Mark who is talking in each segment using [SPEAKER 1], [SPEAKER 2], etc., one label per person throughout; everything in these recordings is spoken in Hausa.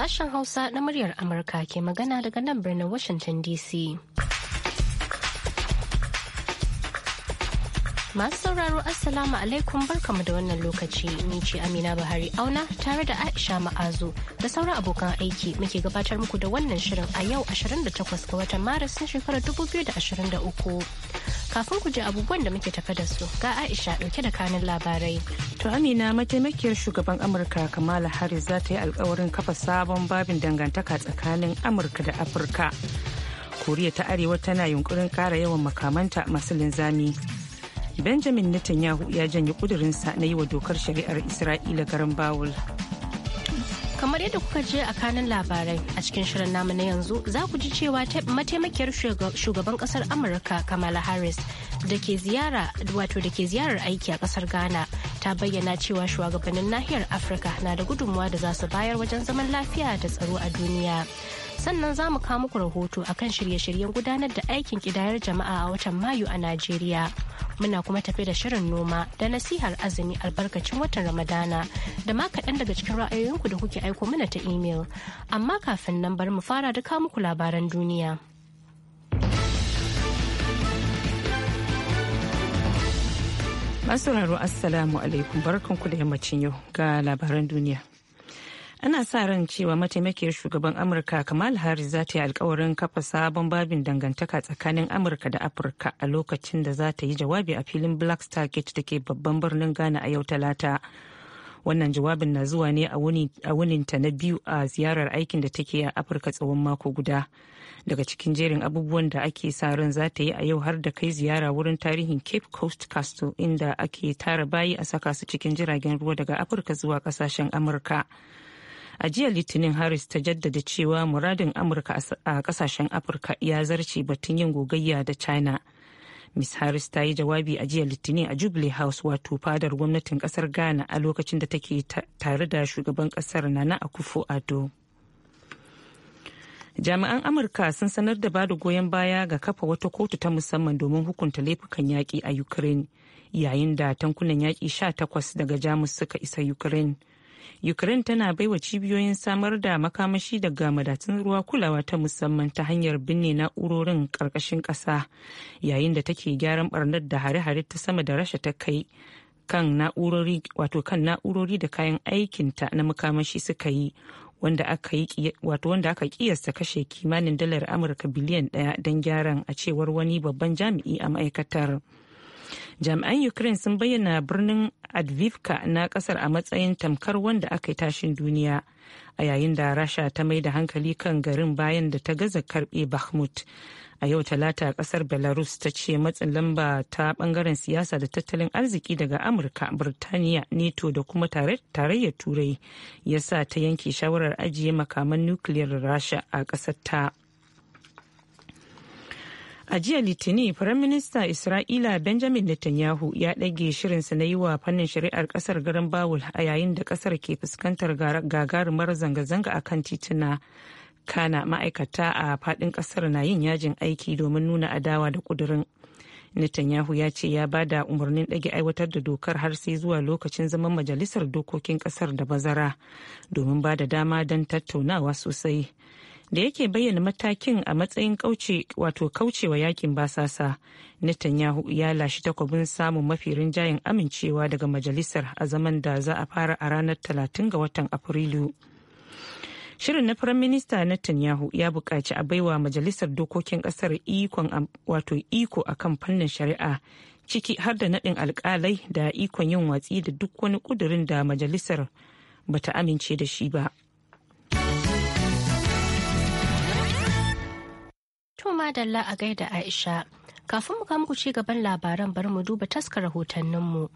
[SPEAKER 1] Sashen Hausa na muryar Amurka ke magana daga nan birnin Washington DC. Masu sauraro Assalamu alaikum barkamu da wannan lokaci ni ce Amina Buhari auna tare da Aisha Ma'azu da sauran abokan aiki muke gabatar muku da wannan shirin a yau 28 ga watan Maris na shekarar 2023. kafin ku ji abubuwan da muke tafe da su ga aisha dauke da kanin labarai
[SPEAKER 2] to amina mataimakiyar shugaban amurka kamala harris za ta yi alkawarin kafa sabon babin dangantaka tsakanin amurka da afirka koriya ta arewa tana yunkurin ƙara yawan makamanta masu linzami benjamin netanyahu ya janye kudurinsa na yi wa dokar shari'ar isra'ila garin bawul
[SPEAKER 1] kamar yadda kuka je a kanin labarai a cikin shirin namu na yanzu za ku ji cewa mataimakiyar shugaban kasar amurka kamala harris da ke wato da ke ziyarar aiki a kasar ghana ta bayyana cewa shugabannin nahiyar afirka na da gudunmuwa da za su bayar wajen zaman lafiya da tsaro a duniya sannan za mu kawo muku rahoto akan shirye-shiryen gudanar da aikin kidayar jama'a a watan mayu a najeriya muna kuma tafi da shirin noma da nasihar azumi albarkacin watan ramadana da ma kaɗan daga cikin ra'ayoyinku da kuke aiko mana ta imel amma kafin nan bari mu fara da muku labaran duniya
[SPEAKER 2] masu assalamu alaikum barkanku da yammacin yau ga labaran duniya ana sa ran cewa mataimakiyar shugaban amurka kamal harris za ta yi alkawarin kafa sabon babin dangantaka tsakanin amurka da afirka a lokacin da za ta yi jawabi a filin black star gate da ke babban birnin ghana a yau talata wannan jawabin na zuwa ne a wunin ta na biyu a ziyarar aikin da take a afirka tsawon mako guda daga cikin jerin abubuwan da ake sa ran za ta yi a yau har da kai ziyara wurin tarihin cape coast castle inda ake tara bayi a saka su cikin jiragen ruwa daga afirka zuwa kasashen amurka a jiya litinin harris ta jaddada cewa muradin amurka a kasashen afirka ya zarce batun yin gogayya da china Miss Harris ta yi jawabi a jiya Litinin a Jubilee House wato fadar gwamnatin kasar Ghana a lokacin da take tare da shugaban kasar Nana Akufo Ado. Jami'an Amurka sun sanar da bada goyon baya ga kafa wata kotu ta musamman domin hukunta laifukan yaƙi a Ukraine yayin da tankunan yaƙi sha takwas daga Jamus suka isa Ukraine. Ukraine tana baiwa cibiyoyin samar da makamashi daga madatun ruwa kulawa ta musamman ta hanyar binne na'urorin ƙarƙashin ƙasa yayin da take gyaran barnar da hare-hare ta sama da rasha ta kai kan na'urori da kayan aikinta na makamashi suka yi wanda aka yi kiyasta kashe kimanin dalar Amurka biliyan ɗaya don gyaran a cewar wani babban jami'i a ma'aikatar. jami'an ukraine sun bayyana birnin advivka na kasar a matsayin tamkar wanda aka yi tashin duniya a yayin da rasha ta mai da hankali kan garin bayan da ta gaza karbe bakhmut a yau talata kasar belarus ta ce matsin lamba ta bangaren siyasa da tattalin arziki daga amurka birtaniya neto da kuma tarayyar turai ya sa ta yanke shawarar ajiye makaman nukiliyar rasha a kasar ta A jiya Litinin, Firaminista Isra'ila Benjamin Netanyahu ya ɗage shirinsa na yi wa fannin shari'ar ƙasar garin Bawul a yayin da ƙasar ke fuskantar gagarumar zanga-zanga a kan tituna. Kana ma'aikata a faɗin ƙasar na yin yajin aiki domin nuna adawa da ƙudurin. Netanyahu ya ce ya bada umarnin ɗage aiwatar da dokar har sai zuwa lokacin zaman majalisar dokokin ƙasar da bazara domin ba da dama don tattaunawa sosai. da yake bayyana matakin a matsayin kauce wato kaucewa yakin basasa netanyahu ya lashi takwabin samun mafi rinjayen amincewa daga majalisar a zaman da za a fara a ranar 30 ga watan afrilu shirin na minista netanyahu ya buƙaci a baiwa majalisar dokokin ƙasar ikon wato iko a kan fannin shari'a ciki har da naɗin alƙalai da ikon yin watsi da duk wani ƙudurin da majalisar bata amince da shi ba.
[SPEAKER 1] To madalla a gaida Aisha. Kafin mu muku ci gaban labaran bari mu duba taskar rahotanninmu.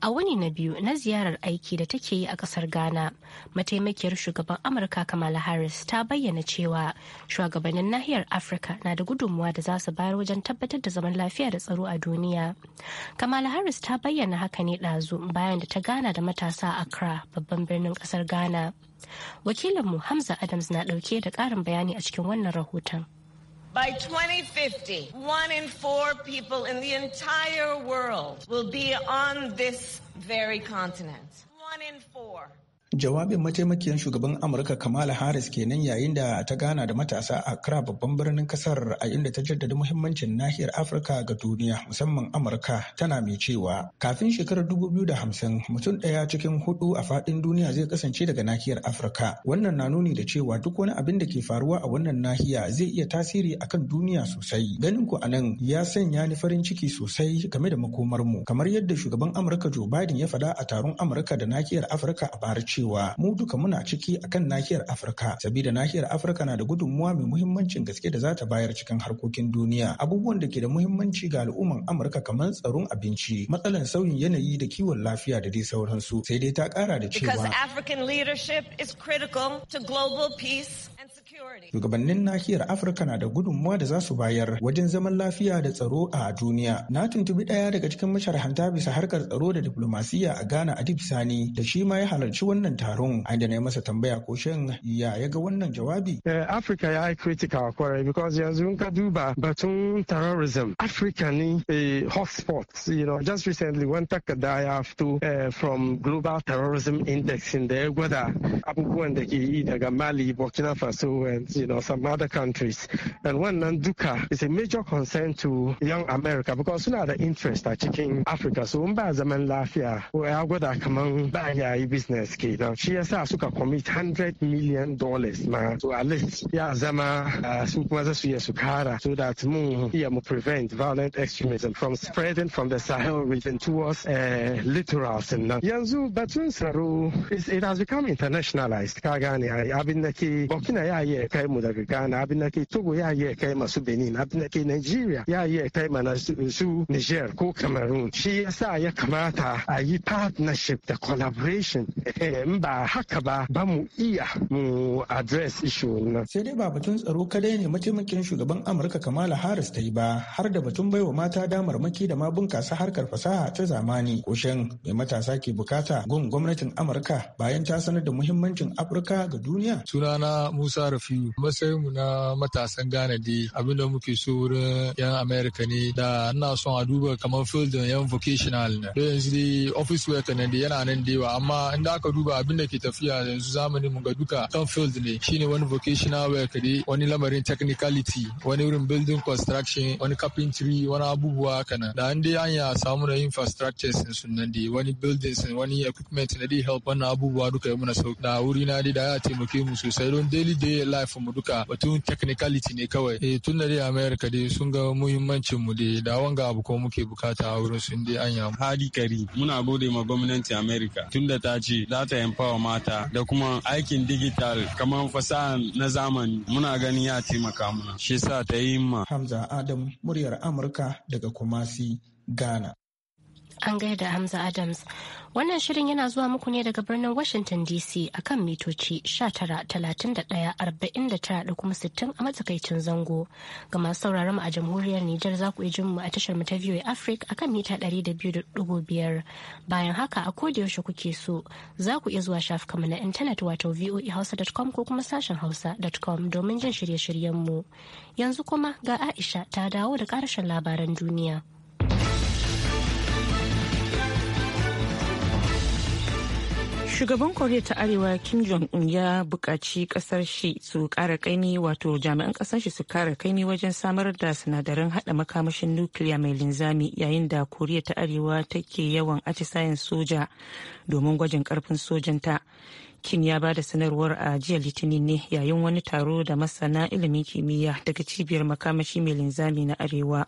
[SPEAKER 1] A wani na biyu na ziyarar aiki da take yi a kasar Ghana, mataimakiyar shugaban Amurka Kamala Harris ta bayyana cewa shugabannin nahiyar Afirka na da gudunmuwa da za su bayar wajen tabbatar da zaman lafiya da tsaro a duniya. Kamala Harris ta bayyana haka ne ɗazu bayan da ta gana da matasa a Accra, babban birnin kasar Ghana. Wakilinmu Hamza Adams na ɗauke da ƙarin bayani a cikin wannan rahoton.
[SPEAKER 2] By 2050, one in four people in the entire world will be on this very continent. One in four.
[SPEAKER 3] Jawabin mataimakiyar shugaban Amurka Kamala Harris kenan yayin da ta gana da matasa a Accra babban birnin kasar a inda ta jaddada muhimmancin nahiyar Afirka ga duniya musamman Amurka tana mai cewa kafin shekarar dubu biyu da hamsin, mutum ɗaya cikin hudu a faɗin duniya zai kasance daga nahiyar Afirka. Wannan na nuni da cewa duk wani abin da ke faruwa a wannan nahiya zai iya tasiri akan duniya sosai. Ganin ku anan ya sanya ni farin ciki sosai game da makomar mu kamar yadda shugaban Amurka Joe Biden ya faɗa a taron Amurka da nahiyar Afirka a Barci. cewa mu duka muna ciki akan nahiyar Afirka sabida nahiyar Afirka na da gudunmuwa mai muhimmancin gaske da za ta bayar cikin harkokin duniya abubuwan da ke da muhimmanci ga al'umman Amurka kamar tsaron abinci matsalan sauyin yanayi da kiwon lafiya da dai sauransu sai dai ta kara da cewa Shugabannin nahiyar Afirka na da gudunmuwa da za su bayar wajen zaman lafiya da tsaro a duniya. Na tuntubi ɗaya daga cikin masharhanta bisa harkar tsaro da diplomasiya a Ghana a Sani da shi ma ya halarci wannan taron. An da na masa tambaya ko shin
[SPEAKER 4] ya yaga wannan jawabi. Eh, Afirka ya yi critical kwarai because yanzu ka duba batun terrorism. Afirka ni a eh, hotspot. You know, just recently wani takarda ya fito eh, from Global Terrorism Index da ya gwada abubuwan da ke yi daga Mali, Burkina Faso, and you know some other countries. And when Nanduka is a major concern to young America because now the interest are checking Africa. So in ba zaman I ya gwada come on, ya yi business kid. She shi yasa suka commit 100 million dollars to at least ya zama uh, su so that mu prevent violent extremism from spreading from the Sahel region towards uh, littoral sannan. Yanzu batun saru, it has become internationalized ka gane abin da ke Burkina ya kai mu daga Ghana, abin da ke Togo ya ya kai masu Benin, abin da ke Nigeria ya ya kai mana su Niger ko Cameroon. Shi yasa ya kamata a yi partnership da collaboration. In eh, eh, ba haka ba, ba mu iya mu address
[SPEAKER 3] issue nan. Sai dai ba batun tsaro kadai ne mataimakin shugaban Amurka Kamala Harris ta yi ba, har da batun baiwa mata damar maki da ma bunkasa harkar fasaha ta zamani. Koshin mai matasa ke bukata gun gwamnatin Amurka bayan ta sanar da muhimmancin Afirka ga duniya. Sunana Musa
[SPEAKER 5] Rafi Nafi'u. Matsayinmu na matasan Ghana dai abinda muke so wurin 'yan Amerika ne da ina son a duba kamar fildin 'yan vocational na. Da yanzu dai office worker nan yana nan da yawa amma da aka duba abinda ke tafiya yanzu zamani mu ga duka kan field ne shine wani vocational work dai wani lamarin technicality wani wurin building construction wani carpentry wani abubuwa haka nan. Da an dai y'a samu da infrastructures sun nan dai wani buildings wani equipment na dai help wannan abubuwa duka yi muna sauki. Da wuri na dai da ya taimake mu sosai don daily day life mu duka batun technicality ne kawai eh tun da dai America dai sun ga muhimmancin mu dai da wanga abu ko muke bukata a wurin sun dai anya hali kari
[SPEAKER 3] muna gode ma gwamnati America tun da ta ce za ta empower mata da kuma aikin digital kamar fasaha na zamani muna ganin ya taimaka muna shi yasa ta yi ma Hamza Adam muryar Amurka daga Kumasi Ghana
[SPEAKER 1] An gaida Hamza Adams. Wannan shirin yana zuwa muku ne daga birnin Washington DC akan mitoci talatin da kuma 60 a matsakaicin zango. Ga masu sauraron mu a jamhuriyar Nijar za ku jin mu a tashar mu ta VOA Africa akan mita 200.5. Bayan haka a koda yaushe kuke so za ku iya zuwa mu na intanet wato voahausa.com ko kuma sashen hausa.com domin jin shirye-shiryen mu. Yanzu kuma ga Aisha ta dawo da ƙarshen
[SPEAKER 2] labaran duniya. Shugaban Koriya ta Arewa Kim Jong-un ya buƙaci ƙasar shi su kara kaimi wato jami'an ƙasar shi su kara kaimi wajen samar da sinadaran haɗa makamashin nukiliya mai linzami yayin da Koriya ta Arewa take yawan atisayen soja domin gwajin ƙarfin sojanta. Kim ya bada sanarwar a jiya Litinin ne yayin wani taro da masana ilimin kimiyya daga cibiyar makamashi mai linzami na Arewa.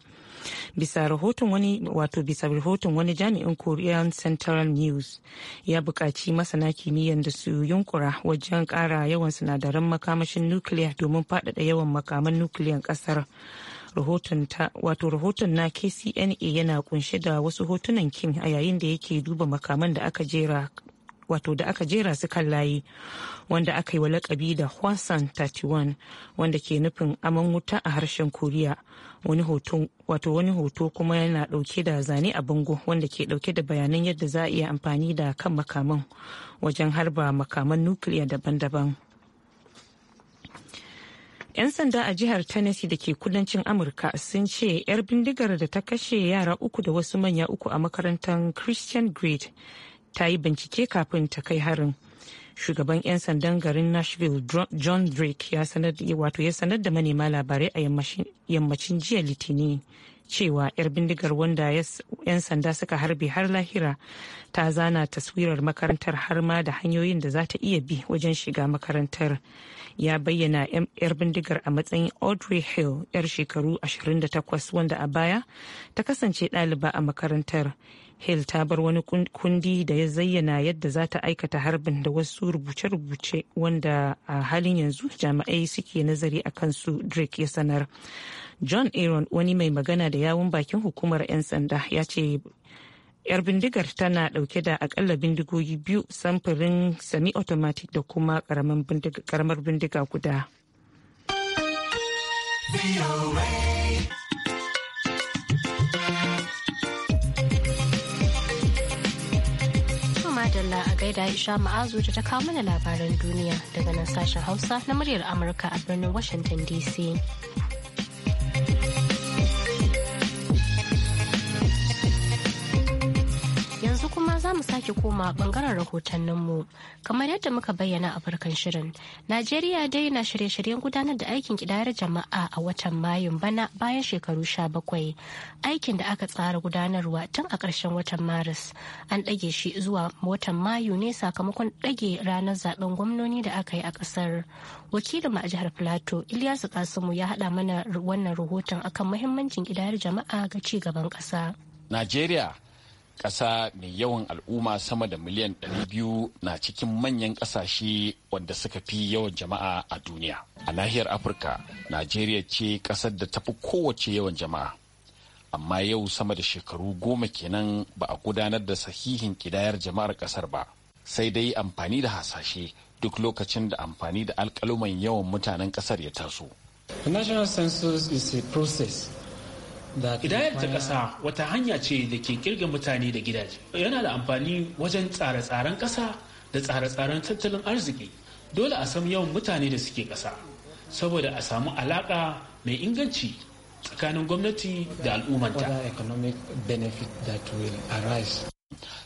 [SPEAKER 2] bisa rahoton wani wato bisa rahoton wani jami'in korean central news ya buƙaci masana kimiyyar da su yunkura wajen ƙara yawan sinadaran makamashin nukiliya domin faɗaɗa yawan makaman nukiliyan ƙasar wato rahoton na kcna yana kunshe da wasu hotunan kim a yayin da yake duba makaman da aka jera wato da aka jera su kan layi wanda aka yi wa lakabi da hwasan 31 wanda ke nufin aman wuta a harshen koriya wani hoto wato wani hoto kuma yana dauke da zane a bango wanda ke dauke da bayanan yadda za a iya amfani da kan makaman wajen harba makaman nukiliya daban-daban 'Yan sanda a jihar Tennessee da ke kudancin Amurka sun ce 'yar bindigar da ta kashe yara uku da wasu manya uku a makarantar Christian Grade ta yi bincike kafin ta kai harin shugaban 'yan sandan garin nashville john drake ya sanar da manema labarai a yammacin jiya litinin cewa 'yar bindigar wanda 'yan sanda suka harbe har lahira ta zana taswirar makarantar har ma da hanyoyin da za ta iya bi wajen shiga makarantar ya bayyana 'yar bindigar a matsayin audrey hill 'yar shekaru 28 wanda a baya ta kasance ɗaliba a makarantar hill ta bar wani kundi da ya zayyana yadda za ta aikata harbin da wasu rubuce-rubuce wanda a halin yanzu jami'ai suke nazari a kansu drake ya sanar john aaron wani mai magana da yawun bakin hukumar 'yan sanda ya ce yar bindigar tana dauke da akalla bindigogi biyu samfurin sami automatic da kuma karamar bindiga guda.
[SPEAKER 1] sannan a gaida Aisha Ma'azu da ta kawo mana labaran duniya daga nan sashen Hausa na muryar Amurka a birnin Washington DC. sake koma bangaren rahotanninmu. Kamar yadda muka bayyana a farkon shirin, Najeriya dai na shirye-shiryen gudanar da aikin kidayar jama'a a watan Mayun bana bayan shekaru sha bakwai. Aikin da aka tsara gudanarwa tun a ƙarshen watan Maris an ɗage shi zuwa watan Mayu ne sakamakon ɗage ranar zaben gwamnoni da aka yi a ƙasar. Wakilin a jihar Filato Ilyasu Kasimu ya haɗa mana wannan rahoton akan muhimmancin kidayar jama'a ga ci gaban ƙasa.
[SPEAKER 6] Najeriya ƙasa mai yawan al'umma sama da miliyan 200 na cikin manyan ƙasashe wadda suka fi yawan jama'a a duniya. A nahiyar Afirka, Najeriya ce ƙasar da tafi kowace yawan jama'a. Amma yau sama da shekaru goma kenan ba a gudanar da sahihin kidayar jama'ar ƙasar ba. Sai dai amfani da hasashe duk lokacin da amfani da alƙaluman yawan mutanen ƙasar ya taso.
[SPEAKER 7] The National Census is a process Kidayar ta ƙasa wata hanya ce da ke kirga mutane da gidaje. Yana da amfani wajen tsare-tsaren ƙasa da tsare-tsaren tattalin arziki. Dole a san yawan mutane da suke ƙasa, saboda a samu alaƙa mai inganci tsakanin gwamnati da al'ummanta.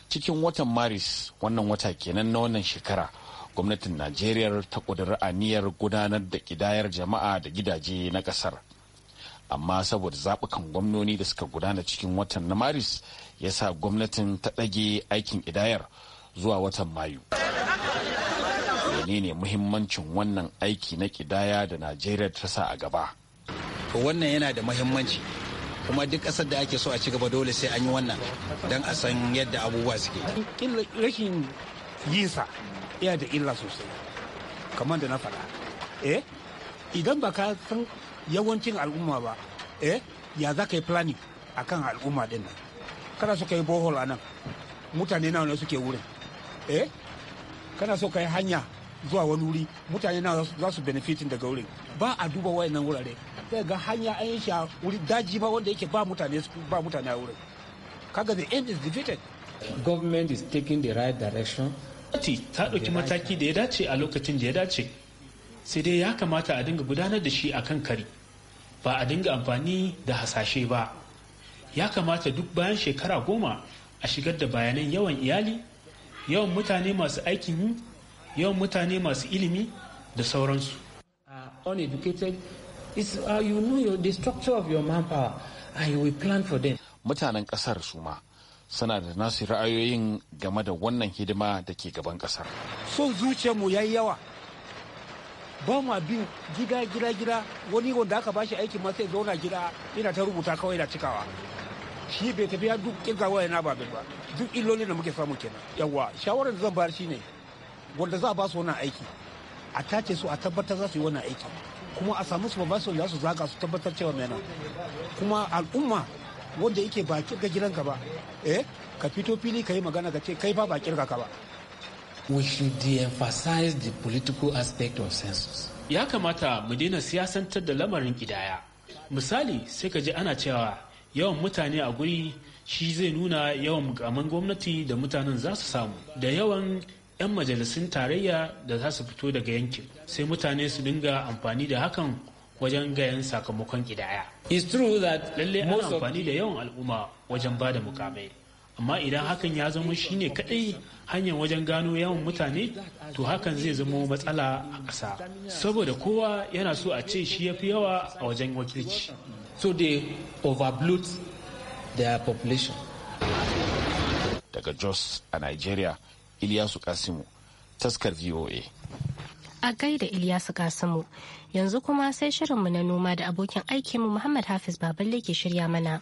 [SPEAKER 6] Cikin watan Maris wannan wata kenan na wannan shekara. Gwamnatin Najeriya ta ƙudiri aniyar gudanar da kidayar jama'a da gidaje na ƙasar. amma saboda zaɓukan gwamnoni da suka gudana cikin watan na maris ya sa gwamnatin ta ɗage aikin idayar zuwa watan mayu menene muhimmancin wannan aiki na kidaya da najeriya ta sa a gaba to wannan yana da muhimmanci kuma duk
[SPEAKER 8] ƙasar da ake so a ci gaba dole sai an yi wannan don a san yadda abubuwa suke rashin sa yana da illa sosai kamar da na faɗa eh idan ba ka san yawancin al'umma ba eh ya za ka yi planning a kan al'umma din nan kana so ka yi bohol a nan mutane nawa ne suke wurin eh kana so ka yi hanya zuwa wani wuri mutane nawa za su benefitin daga wurin ba a duba wayannan wurare sai ga hanya an yi shi a wuri daji ba wanda yake ba mutane
[SPEAKER 7] ba mutane a wurin kaga the end is defeated government is taking the right direction ta ɗauki mataki da ya dace a lokacin da ya dace sai dai ya kamata a dinga gudanar da shi a kan kari ba a dinga amfani da hasashe ba ya kamata duk bayan shekara goma a shigar da bayanan yawan iyali yawan mutane masu aikin yi yawan mutane masu ilimi da sauransu uh,
[SPEAKER 6] mutanen kasar su ma suna da nasu ra'ayoyin game da wannan hidima da ke gaban kasar son zuciyarmu yayi yawa ba ma bin
[SPEAKER 8] gida gida gida wani wanda aka bashi aikin ma sai zauna gida yana ta rubuta kawai yana cikawa shi bai tafiya duk kirgawa yana ba ba duk illolin da muke samu kenan yawa shawarar da zan bayar shine wanda za a ba su aiki a tace su a tabbatar za su yi wannan aiki kuma a samu su ba su za su zaga su tabbatar cewa mena kuma al'umma wanda yake ba kirga gidanka ba eh ka fito fili ka yi magana ka ce kai ba ba kirga ka ba
[SPEAKER 7] we should de-emphasize the political aspect of census. Ya kamata mu daina siyasantar da lamarin kidaya. Misali sai ka ji ana cewa yawan mutane a guri shi zai nuna yawan mukamman gwamnati da mutanen za su samu da yawan 'yan majalisun tarayya da za su fito daga yankin sai mutane su dinga amfani da hakan wajen gayan sakamakon kidaya. It's true that lalle ana amfani da yawan al'umma wajen bada mukamai. amma idan hakan ya zama shine kadai hanyar wajen gano yawan mutane to hakan zai zama matsala a ƙasa saboda kowa yana so a ce shi ya fi yawa a wajen wakilci so they overbloat their
[SPEAKER 1] population
[SPEAKER 6] daga jos a nigeria iliyasu kasimu taskar voa
[SPEAKER 1] a gaida iliyasu kasimu yanzu kuma sai shirinmu na noma da abokin aikinmu muhammad hafiz baballe ke shirya mana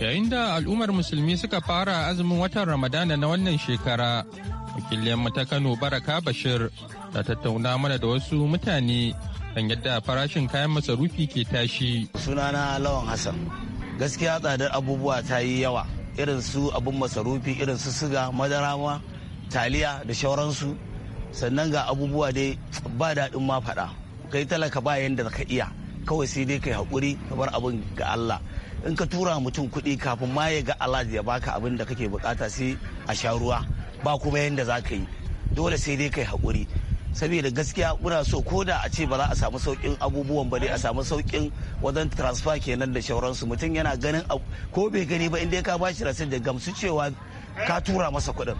[SPEAKER 5] yayin da al'ummar musulmi suka fara azumin watan ramadana na wannan shekara wakilin ta kano baraka bashir da tattauna mana da wasu mutane kan yadda farashin kayan masarufi ke tashi
[SPEAKER 8] sunana lawan hassan gaskiya tsadar abubuwa ta yi yawa irin su abin masarufi irin su siga madara ma taliya da shauransu sannan ga abubuwa dai ba daɗin ma faɗa kai talaka ba yadda ka iya kawai sai dai kai haƙuri ka bar abin ga allah in ka tura mutum kuɗi kafin ma ya ga alhaji ya baka abin da kake bukata sai a sha ruwa ba kuma yadda za ka yi dole sai dai ka yi haƙuri saboda gaskiya muna so ko da a ce ba za a samu saukin abubuwan ba dai a samu saukin wajen transfer kenan da shauransu mutum yana ganin ko bai gani ba inda ka bashi rasin da gamsu cewa ka tura masa kuɗin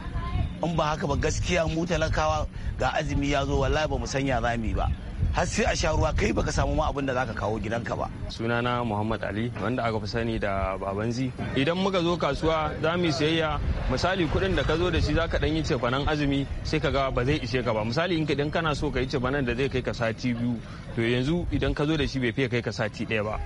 [SPEAKER 8] in ba haka ba gaskiya mu talakawa ga azumi ya zo wallahi ba mu sanya rami ba har sai a sha ruwa kai baka samu ma abin da zaka kawo
[SPEAKER 9] gidanka ba sunana muhammad ali wanda aka fi sani da babanzi idan muka zo kasuwa za mu sayayya misali kuɗin da ka zo da shi zaka dan yi cefanen azumi sai ka ga ba zai ishe ka ba misali in idan kana so ka yi cefanen da zai kai ka sati biyu to yanzu idan ka zo da shi bai fiye kai ka sati ɗaya ba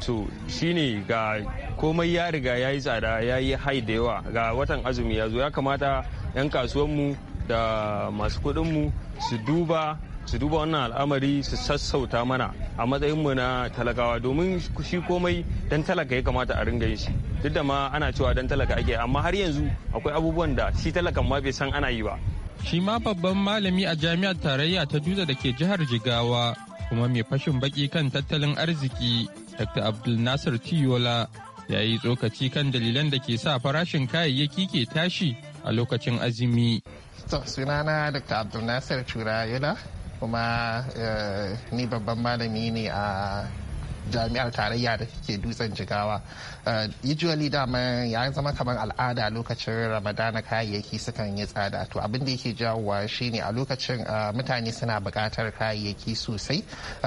[SPEAKER 9] to shine ga komai ya riga ya yi tsada ya yi hai da yawa ga watan azumi ya zo ya kamata 'yan kasuwanmu da masu kuɗinmu su duba su duba wannan al'amari su sassauta mana a matsayin mu na talakawa domin shi komai dan talaka ya kamata a ringa yin shi duk da ma ana cewa dan talaka ake amma har yanzu akwai abubuwan da shi talakan ma bai san ana yi ba
[SPEAKER 5] shi ma babban malami a jami'ar tarayya ta dutse da ke jihar jigawa kuma mai fashin baki kan tattalin arziki dr abdul nasir tiyola ya yi tsokaci kan dalilan da ke sa farashin kayayyaki ke tashi a lokacin azumi.
[SPEAKER 10] sunana dr nasir tura yola kuma eh, ni babban malami ne a jami'ar tarayya da ke dutsen jigawa eh, usually dama ya zama kamar al'ada lokacin ramadana kayayyaki sukan yi tsada to abin da yake jawowa shine a lokacin eh, mutane suna buƙatar kayayyaki sosai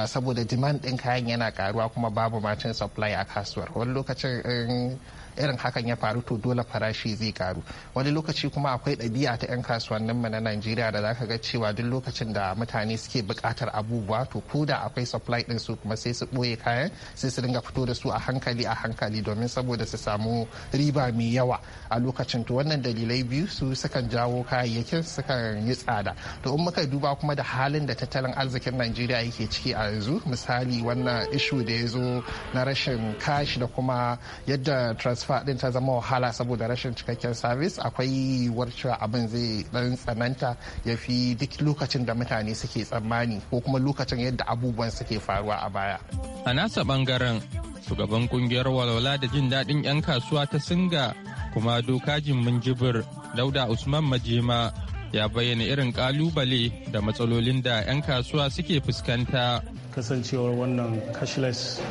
[SPEAKER 10] saboda demand ɗin kayan yana karuwa kuma babu macin supply a kasuwar wani lokacin irin hakan ya faru to dole farashi zai karu wani lokaci kuma akwai ɗabi'a ta 'yan kasuwannin mu na najeriya da zaka ga cewa duk lokacin da mutane suke buƙatar abubuwa to ko da akwai supply ɗin su kuma sai su ɓoye kayan sai su dinga fito da su a hankali a hankali domin saboda su samu riba mai yawa a lokacin to wannan dalilai biyu su sukan jawo kayayyakin sukan yi tsada to in muka duba kuma da halin da tattalin arzikin najeriya yake ciki a yanzu misali wannan ishu da ya zo na rashin kashi da kuma yadda transfer din ta zama wahala saboda rashin cikakken service akwai yiwuwar cewa abin zai dan tsananta ya fi duk lokacin da mutane suke tsammani ko kuma lokacin yadda abubuwan suke faruwa a baya
[SPEAKER 5] a nasa bangaren shugaban kungiyar walwala da jin daɗin 'yan kasuwa ta singa kuma dokajin minjibir dauda usman majema ya bayyana irin kalubale da matsalolin da 'yan kasuwa suke fuskanta
[SPEAKER 9] kasancewar wannan cashless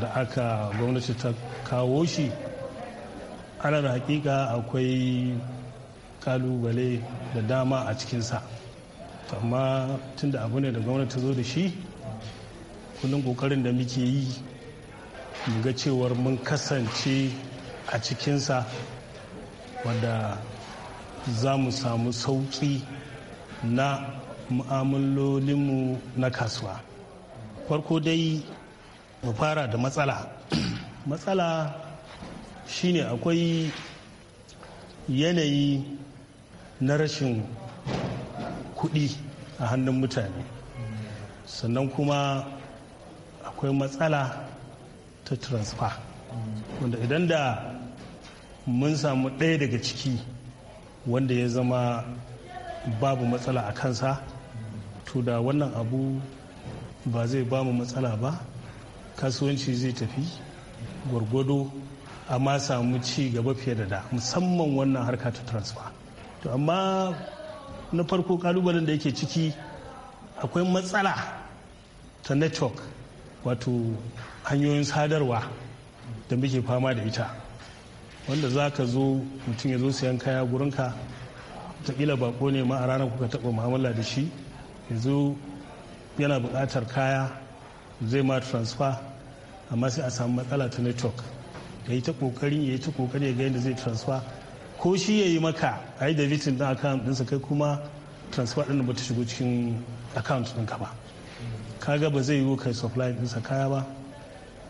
[SPEAKER 9] da aka gwamnati ta kawo shi ana da hakika akwai kalubale da dama a cikinsa amma tunda abu ne da gwamnati zo da shi kullum kokarin da muke yi mu ga cewar mun kasance a cikinsa wadda za mu samu sauƙi na mu'amalolinmu na kasuwa farko dai mu fara da matsala matsala shine akwai yanayi na rashin kuɗi a hannun mutane sannan kuma akwai matsala ta transfer wanda idan da mun samu ɗaya daga ciki wanda ya zama babu matsala a kansa to da wannan abu ba zai ba mu matsala ba kasuwanci zai tafi gwargwado amma samu ci gaba fiye da da musamman wannan harka ta transfer to amma na farko kalubalen da yake ciki akwai matsala ta network wato hanyoyin sadarwa da muke fama da ita wanda za ka zo mutum ya zo sayan kaya gurinka ta kila bako ne ma a ranar kuka taɓa mu'amala da shi ya zo yana buƙatar kaya zai ma transfer amma sai a samu matsala ta network ya yi ta ƙoƙarin ya yi ta ƙoƙari ya ga yadda zai transfer ko shi ya yi maka a yi da vitin ɗin account ɗinsa kai kuma transfer ɗin ba ta shigo cikin account ɗinka ba ga ba zai yi kai supply ɗinsa kaya ba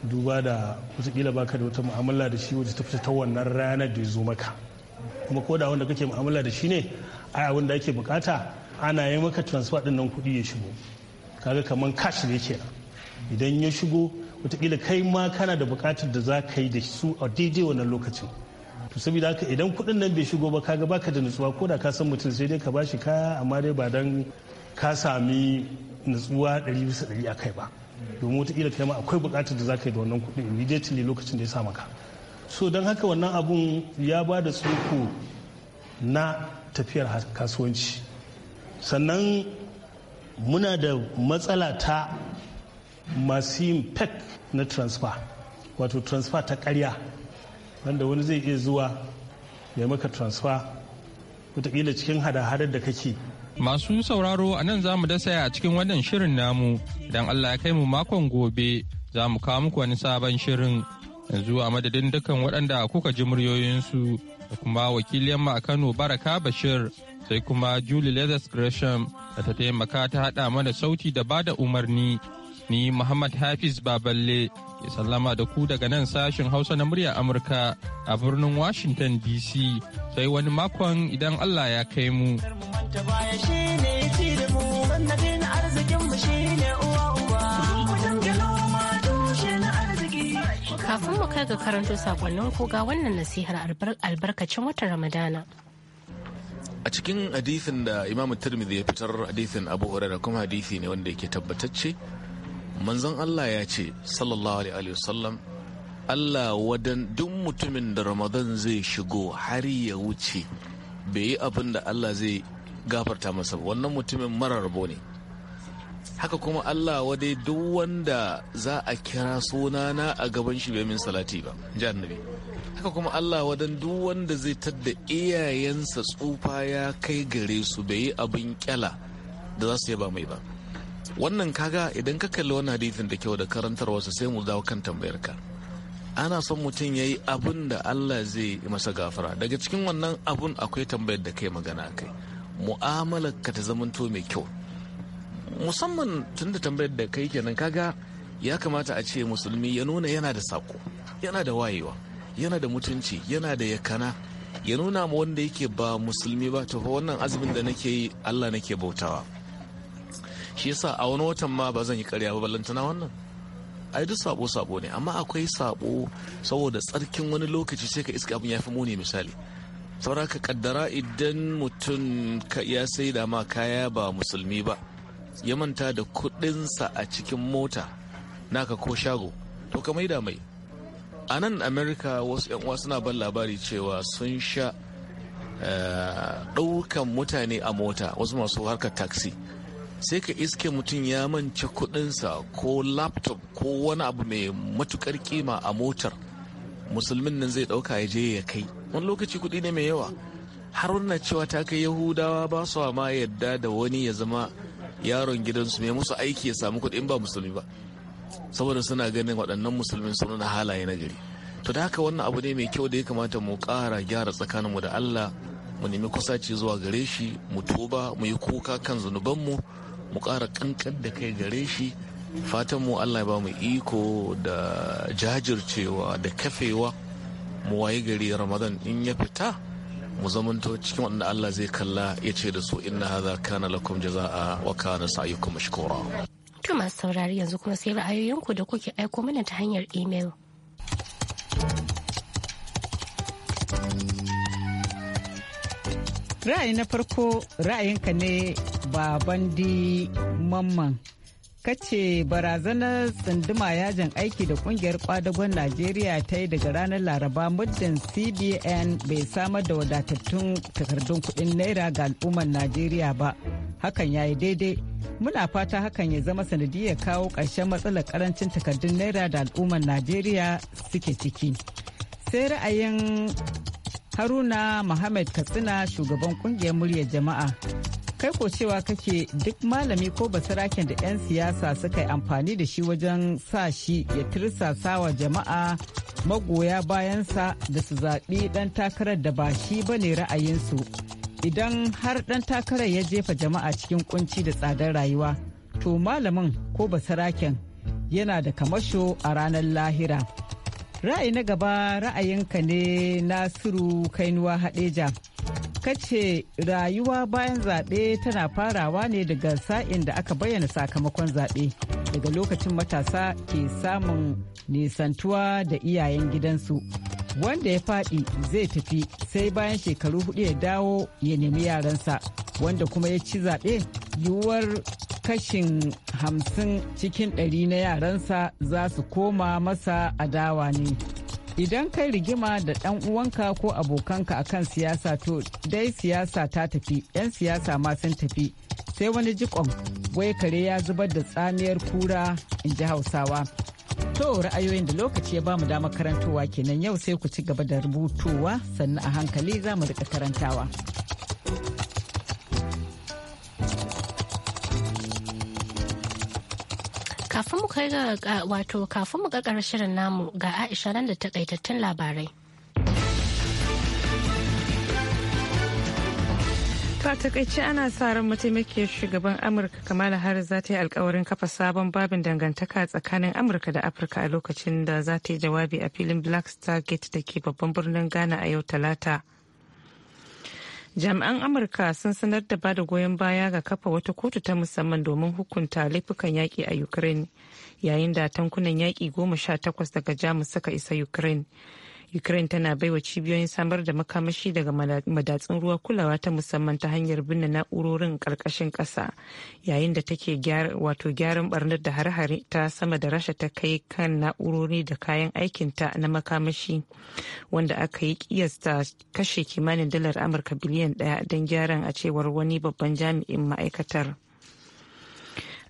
[SPEAKER 9] duba da wataƙila ka da wata mu'amala da shi wacce ta fita ta wannan ranar da ya zo maka kuma ko da wanda kake mu'amala da shi ne a abin da ake bukata ana yi maka transfer din nan kuɗi ya shigo kaga kamar cash ne ke idan ya shigo watakila kai ma kana da bukatar da za ka yi da su a daidai wannan lokacin to saboda haka idan kuɗin nan bai shigo ba kaga baka da nutsuwa ko da ka san mutum sai dai ka bashi kaya amma dai ba dan ka sami nutsuwa ɗari bisa ɗari a kai ba domin wataƙila kai ma akwai buƙatar da za ka yi da wannan kuɗi immediately lokacin da ya sa maka so don haka wannan abun ya ba da tsoko na tafiyar kasuwanci sannan muna da matsala ta masu yin pec na transfer wato transfer ta karya wanda wani zai iya zuwa ya maka transfer wataƙila cikin hada-hadar da kake
[SPEAKER 5] Masu sauraro a nan za mu dasa a cikin wannan shirin namu, idan Allah ya kai mu makon gobe za mu kawo muku wani sabon shirin. Yanzu a madadin dukkan waɗanda kuka ji muryoyinsu da kuma yamma a Kano Baraka Bashir sai kuma Julie Leathers Gresham da ta taimaka ta haɗa mana sauti da bada umarni. Ni Muhammad Hafiz Baballe ke sallama da ku daga nan sashen Hausa na murya Amurka a birnin Washington DC sai wani makon idan Allah ya kai mu.
[SPEAKER 11] ta shi
[SPEAKER 9] ci da mu sannadin shi uwa uba
[SPEAKER 7] tushe na arziki
[SPEAKER 1] kafin mu kai ga karanto sakonnin koga wannan nasihar albarkacin watan ramadana
[SPEAKER 12] a cikin hadisin da imam tirmidhi ya fitar hadithin abu hurairah kuma hadisi ne wanda yake tabbatacce manzon allah ya ce sallallahu alaihi wasallam allah wadan duk mutumin da ramadan zai shigo har ya wuce bai yi abin da allah zai gafarta masa wannan mutumin mara rabo ne haka kuma Allah wadai duk wanda za a kira suna na a gaban shi bai min salati ba jannabi haka kuma Allah wadan duk wanda zai tadda iyayensa tsufa ya kai gare su bai yi abin kyala da za su yaba mai ba wannan kaga idan ka kalli wani hadithin da kyau da su sai mu dawo kan tambayar ka ana son mutum ya yi abin da Allah zai masa gafara daga cikin wannan abun akwai tambayar da kai magana kai mu'amalar ka ta zamanto mai kyau musamman tun da tambayar da kai kenan kaga ya kamata a ce musulmi ya nuna yana da sako yana da wayewa yana da mutunci yana da yakana ya nuna ma wanda yake ba musulmi ba to wannan azumin da nake yi Allah nake bautawa shi yasa a wani watan ma ba zan yi karya ba ballantana wannan ai duk sabo sabo ne amma akwai sabo saboda tsarkin wani lokaci sai ka iska abin ya fi muni misali saura ka kaddara idan mutum ya sai da ma kaya ba musulmi ba ya manta da kudinsa a cikin mota naka ko shago to ka maida mai a nan america wasu yan uwa suna ban labari cewa sun sha eh, ɗaukan mutane a mota wasu masu harkar taxi sai ka iske mutum ya manta kudinsa ko laptop ko wani abu mai matukar kima a motar musulmin nan zai ɗauka ya je ya kai wani lokaci kuɗi ne mai yawa har wannan cewa ta kai yahudawa ba su ma yadda da wani ya zama yaron gidansu mai musu aiki ya samu kuɗi ba musulmi ba saboda suna ganin waɗannan musulmin suna na halaye na gari to da haka wannan abu ne mai kyau da ya kamata mu ƙara gyara tsakanin mu da allah mu nemi kusaci zuwa gare shi mu tuba mu yi kuka kan zunubanmu mu ƙara kankan da kai gare shi fatan mu allah ya ba mu iko da jajircewa da kafewa mu wayi gari ramadan in ya fita mu zamanto cikin wanda Allah zai kalla ya ce da su inna hadha kana lakum jazaa wa kana sa'yukum mashkura
[SPEAKER 1] to masu saurari yanzu kuma sai ra'ayoyinku da kuke aiko mana ta hanyar email
[SPEAKER 11] ra'ayi na farko ra'ayinka ne baban di mamman kace barazanar tsunduma yajin aiki da kungiyar kwadagon najeriya ta yi daga ranar laraba muddin cbn bai samar da wadatattun takardun kudin naira ga al'ummar najeriya ba hakan ya yi daidai muna fata hakan ya zama sanadiyar kawo ƙarshen matsalar karancin takardun naira da al'ummar najeriya suke ciki sai ra'ayin haruna muhammad katsina shugaban kungiyar muryar jama'a kai ko cewa kake duk malami ko basiraken da 'yan siyasa suka yi amfani da shi wajen sa shi ya tirsasa wa jama'a magoya bayansa da su zaɓi ɗan takarar da ba shi ba ne ra'ayinsu idan har ɗan takarar ya jefa jama'a cikin kunci da tsadar rayuwa to malamin ko basiraken yana da kamasho a ranar lahira ra'ayi na gaba ra'ayinka ne nasiru kainuwa hadeja kace rayuwa bayan zaɓe tana farawa ne daga sa'in da aka bayyana sakamakon zaɓe daga lokacin matasa ke samun nisantuwa da iyayen gidansu wanda ya faɗi zai tafi sai bayan shekaru hudu ya dawo ya nemi yaransa wanda kuma ya ci zaɓe yiwuwar kashin hamsin cikin ɗari na yaransa za su koma masa adawa ne idan kai rigima da ɗan uwanka ko abokanka akan siyasa to dai siyasa ta tafi 'yan siyasa ma sun tafi sai wani jikon wai kare ya zubar da tsamiyar kura in ji hausawa to ra'ayoyin da lokaci ya bamu dama karantowa kenan yau sai ku ci gaba da rubutuwa sannan a hankali za mu rika karantawa Kafin mu kai ga wato
[SPEAKER 1] kafin mu ga shirin namu ga Aisha nan da takaitattun labarai.
[SPEAKER 2] ta takaice ana sa ran mataimakiyar shugaban amurka kamala harris za ta yi alkawarin kafa sabon babin dangantaka tsakanin amurka da afirka a lokacin da za ta yi jawabi a filin black star gate da ke babban birnin ghana a yau talata jami'an amurka sun sanar da bada goyon baya ga kafa wata kotu ta musamman domin hukunta laifukan yaƙi a ukraine yayin da tankunan yaƙi goma sha takwas daga jamus suka isa ukraine Ukraine tana baiwa cibiyoyin samar da makamashi daga madatsun ruwa kulawa ta musamman ta hanyar binne na'urorin karkashin kasa yayin da take wato gyaran barnar da har hari ta sama da rasha ta kai kan na'urori da kayan aikinta na makamashi wanda aka yi kiyasta kashe kimanin dalar Amurka biliyan ɗaya don gyaran a cewar wani babban jami'in ma'aikatar.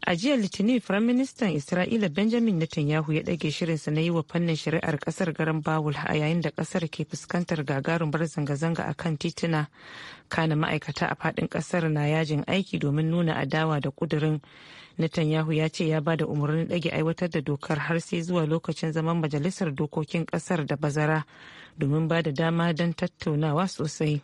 [SPEAKER 2] A jiya Litinin Firaministan Isra'ila Benjamin Netanyahu ya ɗage shirinsa na yi wa fannin shari'ar ƙasar garin Bawul a yayin da ƙasar ke fuskantar bar zanga-zanga a kan tituna. Kana ma'aikata a faɗin ƙasar na yajin aiki domin nuna adawa da ƙudurin. Netanyahu ya ce ya ba da umarnin ɗage aiwatar da dokar har sai zuwa lokacin zaman majalisar dokokin ƙasar da bazara domin ba da dama don tattaunawa sosai.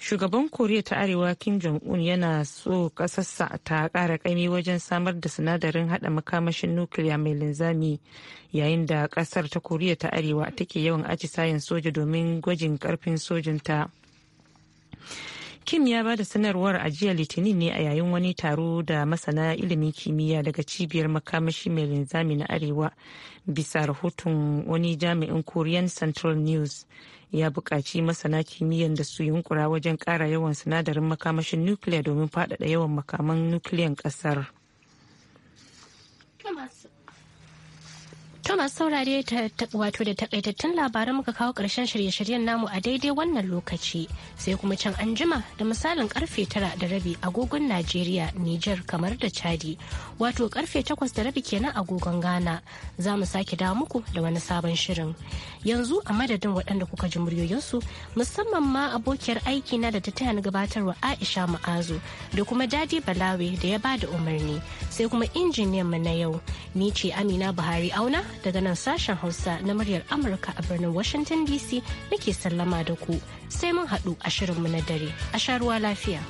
[SPEAKER 2] shugaban koriya ta arewa kim jong-un yana so kasarsa ta kara kaimi wajen samar da sinadarin hada makamashin nukiliya mai linzami yayin da kasar ta koriya ta arewa take yawan atisayen soja domin gwajin karfin sojinta Kim ya ba da sanarwar a Litinin ne a yayin wani taro da masana ilimin kimiyya daga cibiyar makamashi mai linzami na Arewa bisa rahoton wani jami'in Korean Central News. ya buƙaci masana kimiyyar da su yunkura wajen ƙara yawan sinadarin makamashin nukiliya domin faɗaɗa yawan makaman nukiliyan ƙasar.
[SPEAKER 1] To masu saurare wato da takaitattun labaran muka kawo ƙarshen shirye-shiryen namu a daidai wannan lokaci sai kuma can anjima da misalin karfe tara da rabi agogon Najeriya, Nijar kamar da Chadi wato karfe takwas da rabi kenan agogon Ghana za mu sake dawo muku da wani sabon shirin. Yanzu a madadin waɗanda kuka ji muryoyinsu musamman ma abokiyar aiki na da ta taya ni gabatarwa Aisha Ma'azu da kuma Dadi Balawe da ya bada umarni sai kuma injiniyan mu na yau ni ce Amina Buhari Auna daga nan sashen Hausa na muryar Amurka a birnin Washington DC nake sallama da ku sai mun haɗu a shirinmu na dare a sha ruwa lafiya.